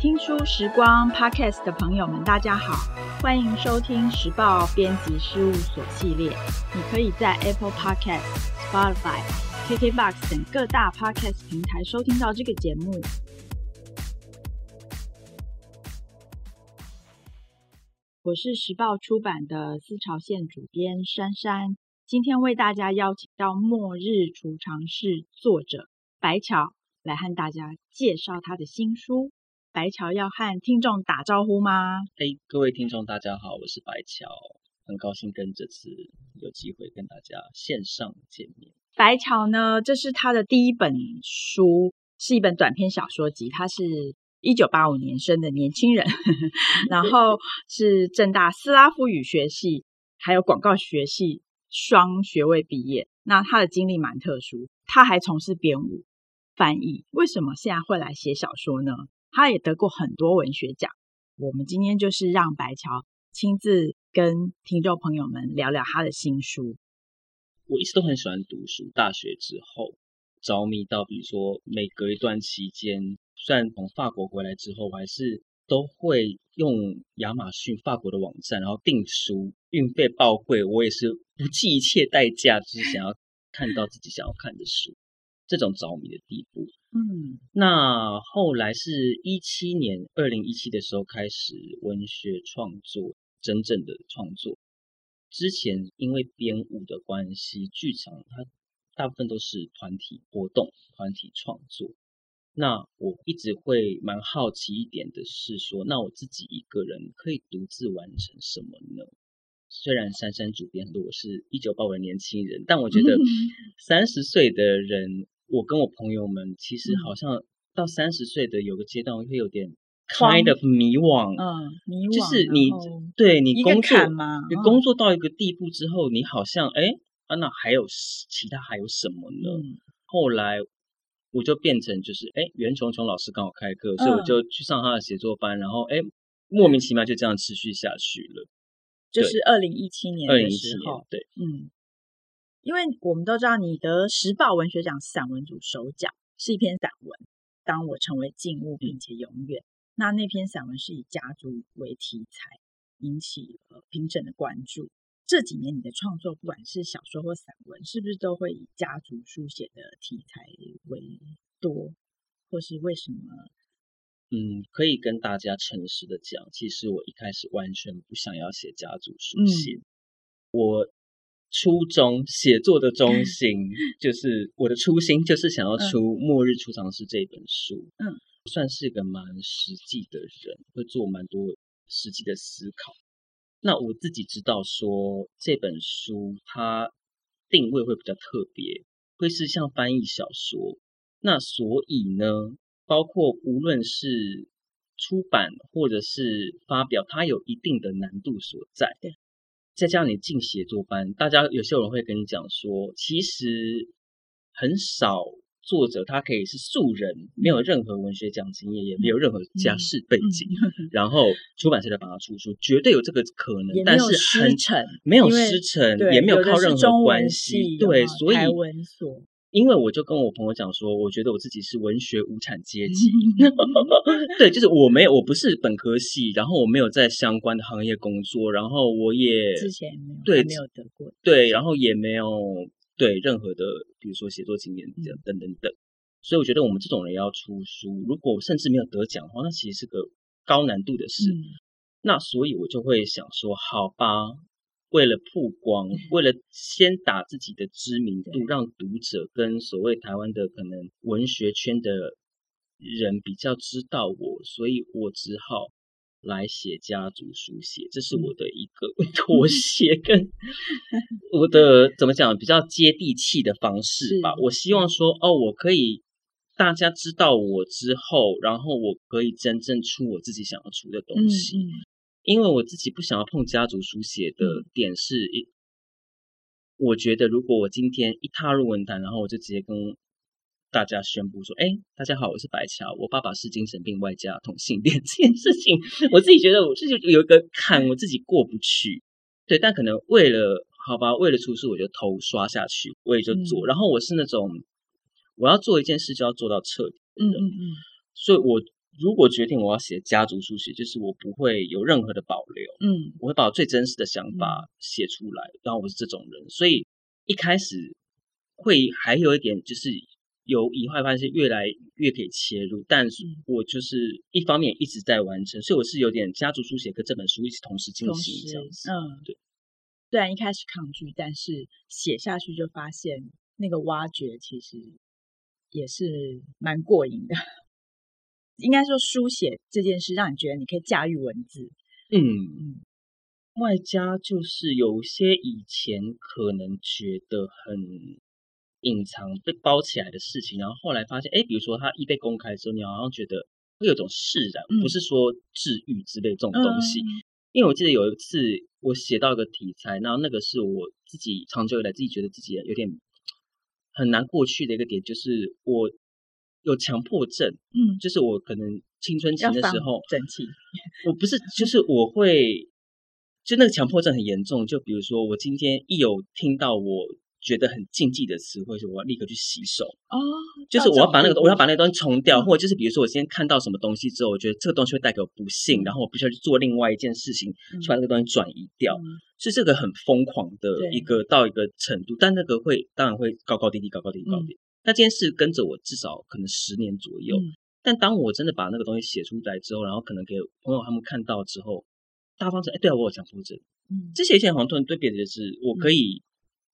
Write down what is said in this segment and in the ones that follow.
聽書時光 Podcast 的朋友們，大家好，歡迎收聽《時報編輯事務所》系列。你可以在 Apple Podcast、Spotify、KKBox 等各大 Podcast 平台收聽到這個節目。我是時報出版的思潮線主編珊珊，今天為大家邀請到《末日儲藏室》作者白樵來和大家介紹他的新書。白喬要和聽眾打招呼嗎？Hey, 各位聽眾，大家好，我是白樵，很高興跟這次有機會跟大家線上見面。白樵呢，這是他的第一本書，是一本短篇小說集。他是一九八五年生的年輕人， 然後是政大斯拉夫語學系還有廣告學系雙學位畢業。那他的經歷蠻特殊，他還從事編舞、翻譯。為什麼現在會來寫小說呢？他也得過很多文學獎。我們今天就是讓白樵親自跟聽眾朋友們聊聊他的新書。我一直都很喜歡讀書，大學之後着迷到，比如說每隔一段期間，雖然從法國回來之後，我還是都會用亞馬遜法國的網站然後訂書，運費爆貴，我也是不計一切代價，就是想要看到自己想要看的書， 這種着迷的地步。嗯，那後來是一七年，二零一七的時候開始文學創作，真正的創作。之前因為編舞的關係，劇場它大部分都是團體活動、團體創作。那我一直會蠻好奇一點的是說，那我自己一個人可以獨自完成什麼呢？雖然珊珊主編很多，我是一九八五年輕人，但我覺得三十歲的人。我跟我朋友們其實好像到三十歲的有個階段會有點 kind of 迷惘，嗯、迷惘就是你後對你工作，嗎哦、你工作到一個地步之後，你好像哎啊，那還有其他還有什麼呢？嗯、後來我就變成就是哎，袁瓊瓊老師剛好開課，嗯、所以我就去上他的寫作班，然後哎，莫名其妙就這樣持續下去了，嗯、對就是二零一七年的時候，2004, 對，嗯。因為我們都知道，你得時報文學獎散文組首獎是一篇散文。當我成為靜物，並且永遠。嗯、那那篇散文是以家族為題材，引起評審的關注。這幾年你的創作，不管是小說或散文，是不是都會以家族書寫的題材為多？或是為什麼？嗯，可以跟大家誠實的講，其實我一開始完全不想要寫家族書寫，嗯、我。初衷寫作的中心、嗯、就是我的初心，就是想要出《末日儲藏室》這本書。嗯，算是一個蠻實際的人，會做蠻多實際的思考。那我自己知道說，這本書它定位會比較特別，會是像翻譯小說。那所以呢，包括無論是出版或者是發表，它有一定的難度所在。再加上你進寫作班，大家有些人會跟你講說，其實很少作者他可以是素人，沒有任何文學獎經驗，也沒有任何家世背景，嗯、然後出版社來幫他出書，絕對有這個可能，失但是很沉，沒有師承，為也沒有靠任何關係，對，啊、對，所以。因為我就跟我朋友講說，我覺得我自己是文學無產階級， 對，就是我沒有，我不是本科系，然後我沒有在相關的行業工作，然後我也之前沒有，對，沒有得過，對，對，然後也沒有對任何的，比如說寫作經驗等、嗯、等等，所以我覺得我們這種人要出書，如果我甚至沒有得獎的話，那其實是個高難度的事。嗯、那所以我就會想說，好吧。為了曝光，為了先打自己的知名度，讓讀者跟所謂台灣的可能文學圈的人比較知道我，所以我只好來寫家族書寫，這是我的一個妥協，嗯、 跟我的，怎麼講，比較接地氣的方式吧。是我希望說，哦，我可以大家知道我之後，然後我可以真正出我自己想要出的東西。嗯因為我自己不想要碰家族書寫的點是一，我覺得如果我今天一踏入文壇，然後我就直接跟大家宣布說：“哎，大家好，我是白樵，我爸爸是精神病，外加同性戀這件事情。”我自己覺得我這就有一個坎， 我自己過不去。對，但可能為了好吧，為了出書，我就頭刷下去，我也就做。嗯、然後我是那種我要做一件事就要做到徹底的，嗯嗯嗯，所以我。如果決定我要寫家族書寫，就是我不會有任何的保留，嗯，我會把我最真實的想法寫出來。然後、嗯、我是這種人，所以一開始會還有一點，就是有疑惑，發現越來越可以切入。但是我就是一方面一直在完成，嗯、所以我是有點家族書寫跟這本書一起同時進行一下這樣子，嗯，對。雖然一開始抗拒，但是寫下去就發現那個挖掘其實也是蠻過癮的。應該說，書寫這件事讓你覺得你可以駕馭文字，嗯，外加就是有些以前可能覺得很隱藏、被包起來的事情，然後後來發現，哎，比如說它一被公開的時候，你好像覺得會有種釋然，嗯，不是說治癒之類的這種東西。嗯，因為我記得有一次我寫到一個題材，然後那個是我自己長久以來自己覺得自己有點很難過去的一個點，就是我。有強迫症，嗯，就是我可能青春期的時候，煩我不是，就是我會，就那個強迫症很嚴重。就比如說，我今天一有聽到我覺得很禁忌的詞彙，就我要立刻去洗手。哦，就是我要把那個，我要把那個東西沖掉。嗯、或者就是比如說，我今天看到什麼東西之後，我覺得這個東西會帶給我不幸，然後我必須要去做另外一件事情，去把那個東西轉移掉。是、嗯、這個很瘋狂的一個對到一個程度，但那個會當然會高高低低，高高低低，高低、嗯。那這件事跟着我至少可能十年左右，嗯、但當我真的把那個東西寫出來之後，然後可能給朋友他們看到之後，大方說哎，對啊，我有強迫症。嗯，這些現在好像突然對別人的是我可以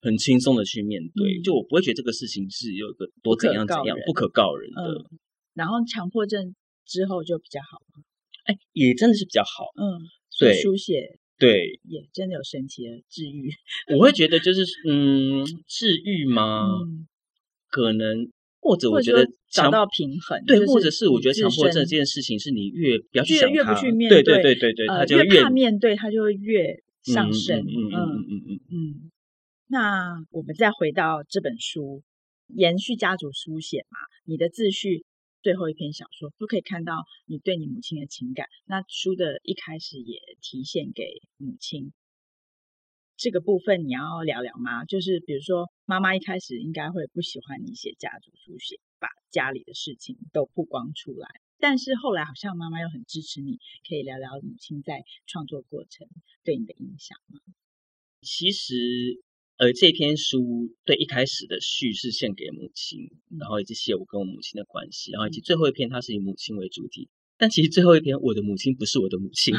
很輕鬆的去面對，嗯、就我不會覺得這個事情，是有一個多怎樣怎樣不可，不可告人的、嗯。然後強迫症之後就比較好，哎，也真的是比較好。嗯，所以對，書寫對，也真的有神奇的治癒。我會覺得就是嗯，嗯治癒嗎？嗯可能或者我覺得找到平衡，就是、對，或者是我覺得強迫症這件事情是你越不要去想越，越不去面對，對對對對對，呃、他就越怕面對，他就會越上升，嗯。嗯嗯嗯嗯，嗯那我們再回到這本書，延續家族書寫嘛，你的自序最後一篇小說都可以看到你對你母親的情感。那書的一開始也題獻給母親。這個部分你要聊聊嗎？就是比如說，媽媽一開始應該會不喜歡你寫家族書寫，把家裡的事情都曝光出來。但是後來好像媽媽又很支持你，可以聊聊母親在創作過程對你的影響嗎？其實，呃，這篇書對一開始的序是獻給母親，然後以及寫我跟我母親的關係，然後以及最後一篇它是以母親為主題。但其實最後一篇，我的母親不是我的母親，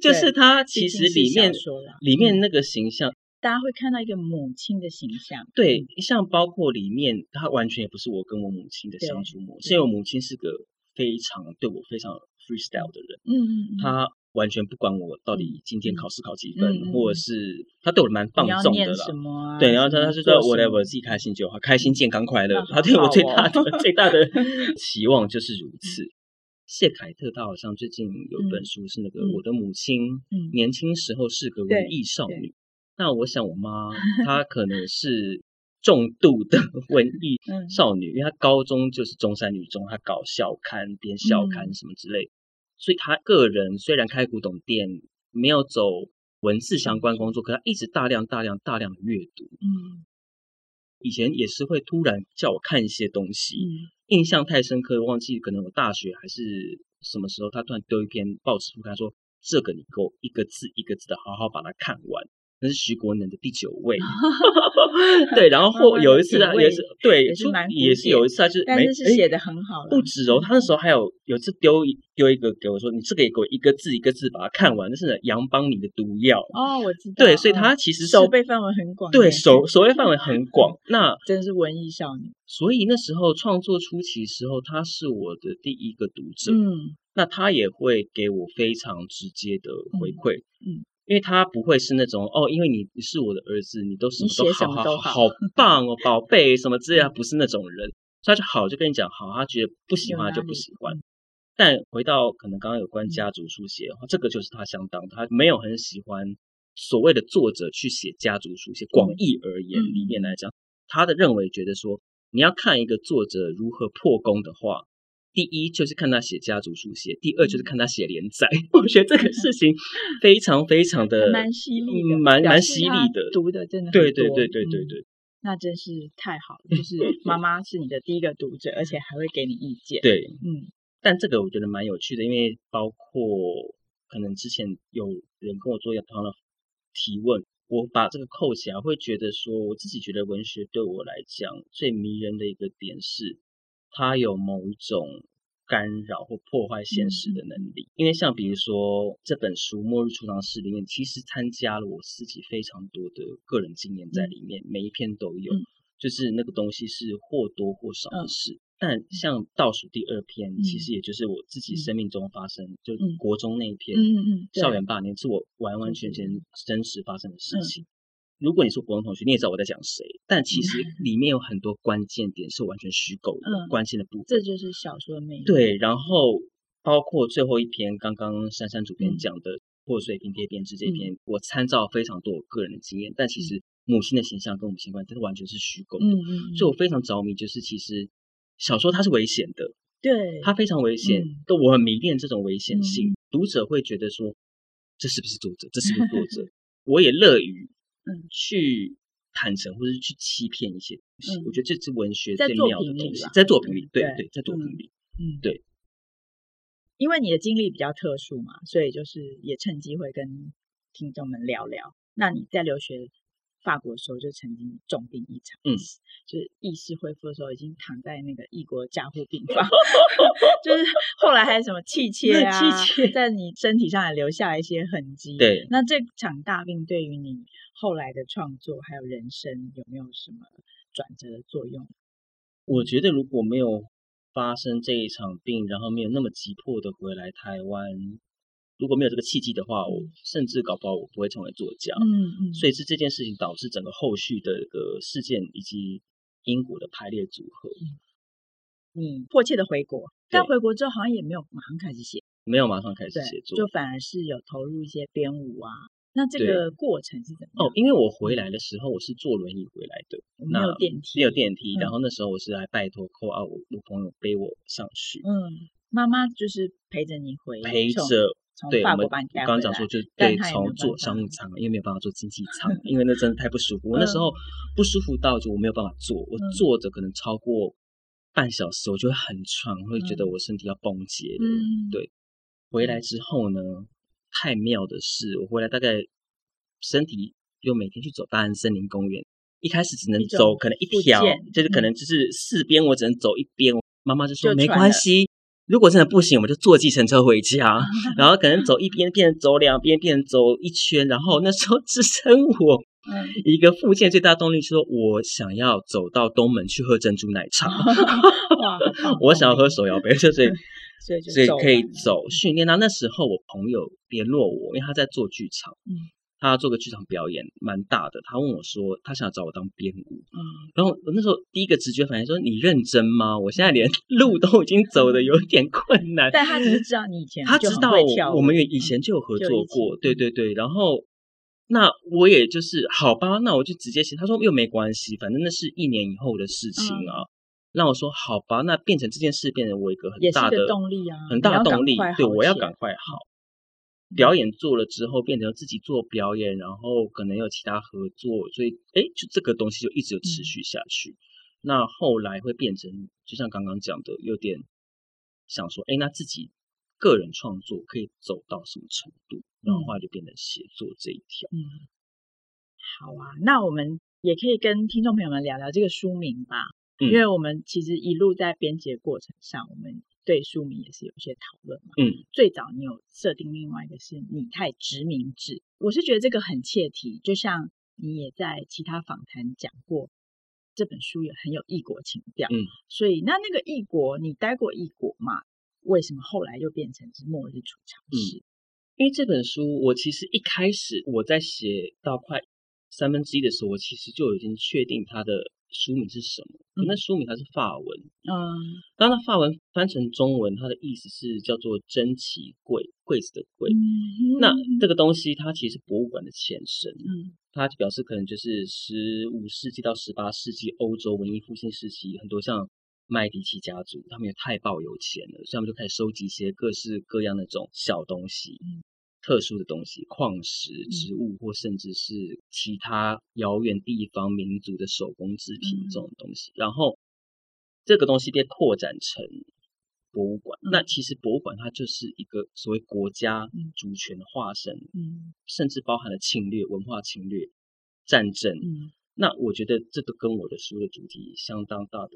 就是他其實裡面，裡面那個形象，大家會看到一個母親的形象。對，像包括裡面，他完全也不是我跟我母親的相處模式。因為我母親是個非常對我非常 freestyle 的人，嗯，他完全不管我到底今天考試考幾分，或者是他對我蠻放縱的啦，什麼？對，然後他他就是說 whatever，自己開心就好，開心、健康、快樂。他對我最大的最大的期望就是如此。謝凱特，他好像最近有一本書是那個嗯嗯、《我的母親年輕時候是個文藝少女》。嗯嗯、那我想，我媽 她可能是重度的文藝少女，嗯嗯、因為她高中就是中山女中，她搞校刊、編校刊什麼之類。嗯、所以她個人雖然開古董店，沒有走文字相關工作，可她一直大量、大量、大量的閱讀。嗯，以前也是會突然叫我看一些東西。嗯印象太深刻，忘記可能我大學還是什麼時候，他突然丟一篇報紙副刊，他說這個你給我一個字一個字的好好把它看完。那是徐國能的第九味，對。然後有一次啊，也是對，也是有一次他就是寫得很好，不止哦。他那時候還有有次丟丟一個給我說：“你這個也給我一個字一個字把它看完。”就是楊邦敏的毒藥。哦，我知道。對，所以他其實守備範圍很廣，對，守守備範圍很廣。那真的是文藝少女。所以那時候創作初期時候，他是我的第一個讀者。嗯，那他也會給我非常直接的回饋。嗯。因為他不會是那種哦，因為你是我的兒子，你都是都好好都好，好，好棒哦，寶貝什麼之類，他不是那種人， 所以他就好就跟你講好，他覺得不喜歡就不喜歡。嗯、但回到可能剛剛有關家族書寫的話，嗯、這個就是他相當的他沒有很喜歡所謂的作者去寫家族書寫。嗯、廣義而言，嗯、裡面來講，他的認為覺得說，你要看一個作者如何破功的話。第一就是看他寫家族書寫，第二就是看他寫連載。我覺得這個事情非常非常的蠻犀利，蠻蠻 犀利的。讀的真的對對，對對對對對對，嗯，那真是太好了。就是媽媽是你的第一個讀者， 而且還會給你意見。對，嗯，但這個我覺得蠻有趣的，因為包括可能之前有人跟我做一個討論提問，我把這個扣起來，會覺得說，我自己覺得文學對我來講最迷人的一個點是。他有某一種干擾或破壞現實的能力，嗯、因為像比如說、嗯、這本書《末日儲藏室》裡面，其實參加了我自己非常多的個人經驗在裡面，嗯、每一篇都有，嗯、就是那個東西是或多或少的事。嗯、但像倒數第二篇，嗯、其實也就是我自己生命中發生，嗯、就國中那一篇，校園霸凌是我完完全全真實發生的事情。嗯如果你是國中同學，你也知道我在講誰。但其實裡面有很多關鍵點是完全虛構的，嗯、關鍵的部分、嗯。這就是小說的魅力。對，然後包括最後一篇，剛剛珊珊主編講的《破碎拼貼編織》這一篇，嗯、我參照非常多我個人的經驗，嗯、但其實母親的形象跟母親相關，這是完全是虛構的。嗯，嗯，所以我非常着迷，就是其實小說它是危險的，對，它非常危險。嗯、都我很迷戀這種危險性，嗯、讀者會覺得說，這是不是作者？這是不是作者？ 我也樂於。嗯、去坦誠或者去欺騙一些東西，嗯、我覺得這是文學最妙的東西，在作品裡，對對，對，對，在作品裡，嗯，對。因為你的經歷比較特殊嘛，所以就是也趁機會跟聽眾們聊聊。那你在留學法國的時候就曾經重病一場，嗯，就是意識恢復的時候已經躺在那個異國加護病房， 就是後來還什麼氣切啊，器械在你身體上還留下了一些痕跡。對，那這場大病對於你後來的創作還有人生有沒有什麼轉折的作用？我覺得如果沒有發生這一場病，然後沒有那麼急迫的回來台灣。如果沒有這個契機的話，我甚至搞不好我不會成為作家，嗯。嗯，所以是這件事情導致整個後續的一個事件以及因果的排列組合。你，嗯，迫切的回國，但回國之後好像也沒有馬上開始寫，對對沒有馬上開始寫作，就反而是有投入一些編舞啊。那這個過程是怎麼樣？哦，因為我回來的時候我是坐輪椅回來的，沒有電梯，沒有電梯。嗯，然後那時候我是來拜托扣二五我朋友背我上去。嗯，媽媽就是陪着你回來，陪着。對，我剛剛講說，就對，從坐商務艙，因為沒有辦法坐經濟艙， 因為那真的太不舒服。我那時候不舒服到就我沒有辦法坐，嗯、我坐着可能超過半小時，我就會很喘，嗯、會覺得我身體要崩解了。嗯、對，回來之後呢，嗯、太妙的是，我回來大概身體又每天去走大安森林公園，一開始只能走可能一條，就，就是可能就是四邊我只能走一邊。媽媽就說就沒關係。如果真的不行，我們就坐計程車回家， 然後可能走一邊，變成走兩邊，變成走一圈，然後那時候支撐我、嗯、一個復健最大動力，就是說我想要走到東門去喝珍珠奶茶，嗯、 我想要喝手搖杯， 就所以所以，就所以可以走訓練。那那時候我朋友聯絡我，因為他在做劇場。嗯他做個劇場表演，蠻大的。他問我說：“他想要找我當編舞。”然後我那時候第一個直覺反應說：“你認真嗎？我現在連路都已經走的有點困難。” 但他只是知道你以前他知道我們以前就有合作過，對對對。然後那我也就是好吧，那我就直接寫，他說又沒關係，反正那是一年以後的事情啊。那、嗯、我說好吧，那變成這件事變成我一個很大的動力啊，很大的動力。對，我要趕快好。表演做了之後，變成自己做表演，然後可能有其他合作，所以哎、欸，就這個東西就一直持續下去。嗯、那後來會變成，就像剛剛講的，有點想說，哎、欸，那自己個人創作可以走到什麼程度？然後後來就變成寫作這一條。嗯，好啊，那我們也可以跟聽眾朋友們聊聊這個書名吧，因為我們其實一路在編輯的過程上，我們。對書名也是有一些討論嘛，嗯，最早你有設定另外一個是你太殖民制，我是覺得這個很切題。就像你也在其他訪談講過，這本書也很有異國情調。嗯，所以那那個異國，你待過異國嘛？為什麼後來又變成是末日儲藏室？因為這本書，我其實一開始我在寫到快三分之一的時候，我其實就已經確定它的。書名是什麼？那、嗯、書名它是法文，嗯，當它法文翻成中文，它的意思是叫做珍奇櫃，櫃子的櫃。嗯、那、嗯、這個東西它其實是博物館的前身，嗯，它就表示可能就是十五世紀到十八世紀歐洲文藝復興時期，很多像麥迪奇家族，他們也太暴有錢了，所以他們就開始收集一些各式各樣的那種小東西。嗯特殊的東西，礦石、植物，嗯、或甚至是其他遙遠地方民族的手工製品這種東西，嗯、然後這個東西被擴展成博物館。嗯、那其實博物館它就是一個所謂國家主權的化身，嗯、甚至包含了侵略、文化侵略、戰爭。嗯、那我覺得這個跟我的書的主題相當大的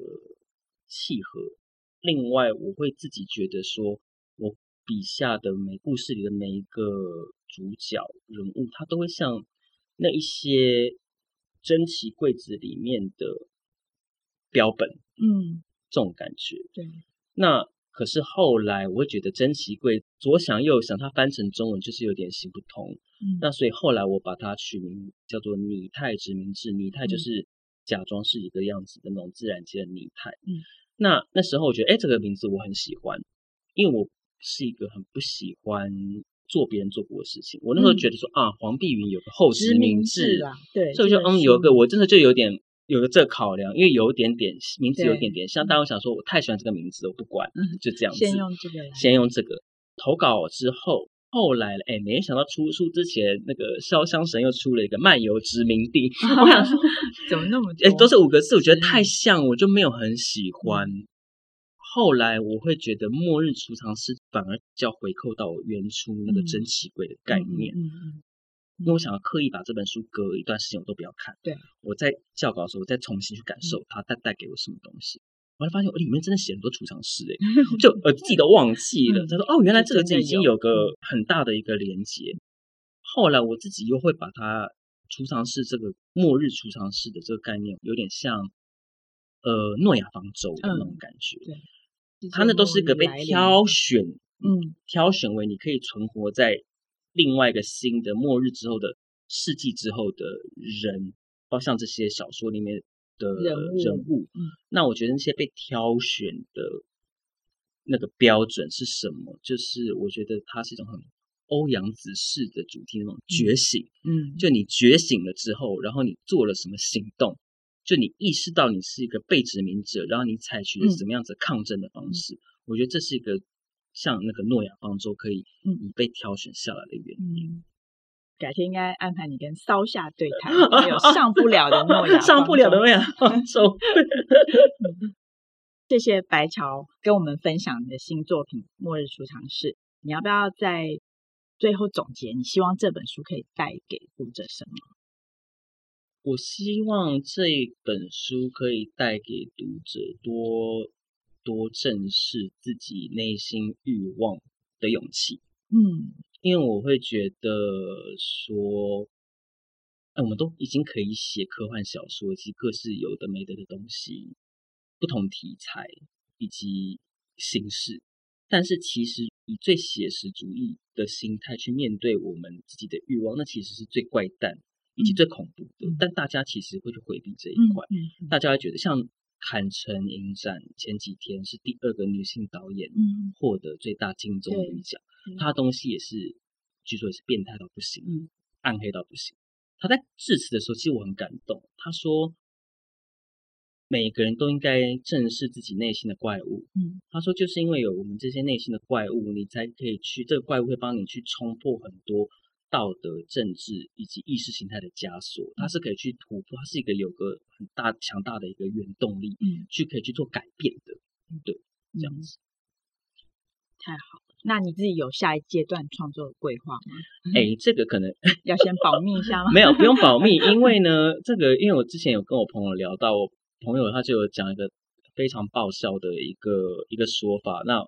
契合。另外，我會自己覺得說。筆下的每故事裡的每一個主角人物，他都會像那一些珍奇櫃子裡面的標本，嗯，這種感覺。對。那可是後來，我會覺得珍奇櫃左想右想，它翻成中文就是有點行不通。嗯。那所以後來我把它取名叫做“擬態殖民誌”，擬態就是假裝是一個樣子的那種自然界的擬態。嗯。那那時候我覺得，哎，這個名字我很喜歡，因為我。是一個很不喜歡做別人做過的事情。我那時候覺得說啊，黃碧雲有個後殖民誌，對、嗯，所以就嗯，嗯，有個我真的就有點有個這個考量，因為有點點名字，有點點像。對但我想說，我太喜歡這個名字，我不管，嗯、就這樣先用這，先用這個，先用這個投稿之後，後來了，哎，沒想到出書之前，那個《瀟湘神》又出了一個《漫遊殖民地》啊。我想說，怎麼那麼多哎，都是五個字，我覺得太像，我就沒有很喜歡。是後來我會覺得《末日儲藏室》。反而就要回扣到我原初那個珍奇櫃的概念，嗯、因為我想要刻意把這本書隔一段時間我都不要看，對我在校稿的時候，我再重新去感受它帶帶給我什麼東西，嗯、我就發現我裡面真的寫很多儲藏室誒，嗯、就我自己都忘記了。他、嗯、說哦，原來這個已經有個很大的一個連接。後來我自己又會把它儲藏室這個末日儲藏室的這個概念，有點像呃諾亞方舟的那種感覺，嗯、對，它那都是一個被挑選。嗯，挑選為你可以存活在另外一個新的末日之後的世紀之後的人，包括像這些小說裡面的人物。人物，嗯，那我覺得那些被挑選的那個標準是什麼？就是我覺得它是一種很歐陽子式的主題，那種覺醒。嗯，嗯，就你覺醒了之後，然後你做了什麼行動？就你意識到你是一個被殖民者，然後你採取了什麼樣子的抗爭的方式？嗯，嗯，我覺得這是一個。像那個諾亞方舟可以被挑選下來的原因、嗯，改天應該安排你跟騷夏對談， 有上不了的諾亞，方舟、 嗯。謝謝白樵跟我們分享你的新作品《末日儲藏室》。你要不要在最後總結？你希望這本書可以帶給讀者什麼？我希望這本書可以帶給讀者多，多正視自己內心欲望的勇氣。嗯，因為我會覺得說、哎，我們都已經可以寫科幻小說，以及各式有的沒的的東西，不同題材以及形式。但是，其實以最寫實主義的心態去面對我們自己的欲望，那其實是最怪誕以及最恐怖的。嗯、但大家其實會去回避這一塊，嗯嗯嗯、大家會覺得像。坎城影展，前幾天是第二個女性導演獲得最大金棕櫚獎，嗯、她東西也是據說也是變態到不行，嗯、暗黑到不行。她在致辭的時候，其實我很感動。她說，每個人都應該正視自己內心的怪物。他、嗯、說，就是因為有我們這些內心的怪物，你才可以去，這個怪物會幫你去衝破很多。道德、政治以及意識形態的枷鎖，它是可以去突破，它是一個有個很大、強大的一個原動力，嗯、去可以去做改變的，對，嗯、這樣子。太好了。那你自己有下一階段創作的規劃嗎？哎、欸，這個可能要先保密一下嗎？ 沒有，不用保密，因為呢，這個因為我之前有跟我朋友聊到，我朋友他就有講一個。非常爆笑的一個一個說法。那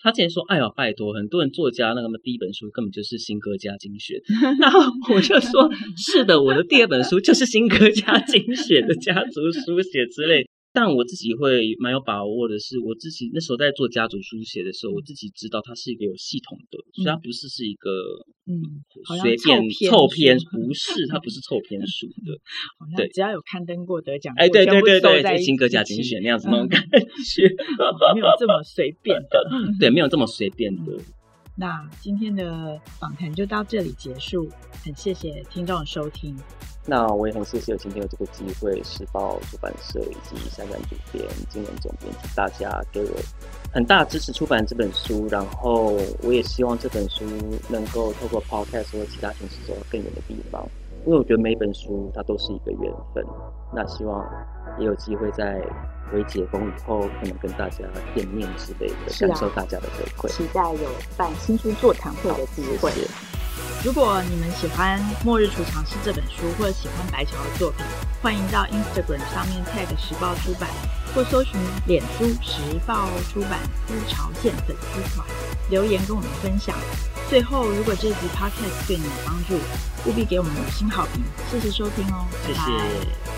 他竟然說：“哎呀，拜托，很多人作家那個嘛第一本書根本就是新歌加精選。” 然後我就說：“是的，我的第二本書就是新歌加精選的家族書寫之類。”但我自己會蠻有把握的是，我自己那時候在做家族書寫的時候，我自己知道它是一個有系統的，雖然、嗯、不是是一個嗯，隨便湊篇，不是，嗯、它不是湊篇數的。對，哦、只要有刊登過得獎，哎，對對對對，對，在新歌加精選那樣子那種感覺，沒有這麼隨便的，嗯、對，沒有這麼隨便的。嗯那今天的訪談就到這裡結束，很謝謝聽眾的收聽。那我也很謝謝有今天有這個機會，時報出版社以及珊珊主編、金倫總編輯請大家給我很大支持出版這本書，然後我也希望這本書能夠透過 Podcast 或其他形式走到更遠的地方。因為我覺得每一本書它都是一個緣分，那希望也有機會在微解封以後，可能跟大家見面之類的，感、啊、受大家的回饋，期待有辦新書座談會的機會。謝謝。如果你們喜歡《末日儲藏室》這本書，或者喜歡白樵的作品，歡迎到 Instagram 上面 tag《時報出版》，或搜尋臉書《時報出版思潮線粉絲團》。留言跟我們分享。最後，如果這集 Podcast 對你有幫助，務必給我們五星好評，謝謝收聽哦。謝謝。拜拜。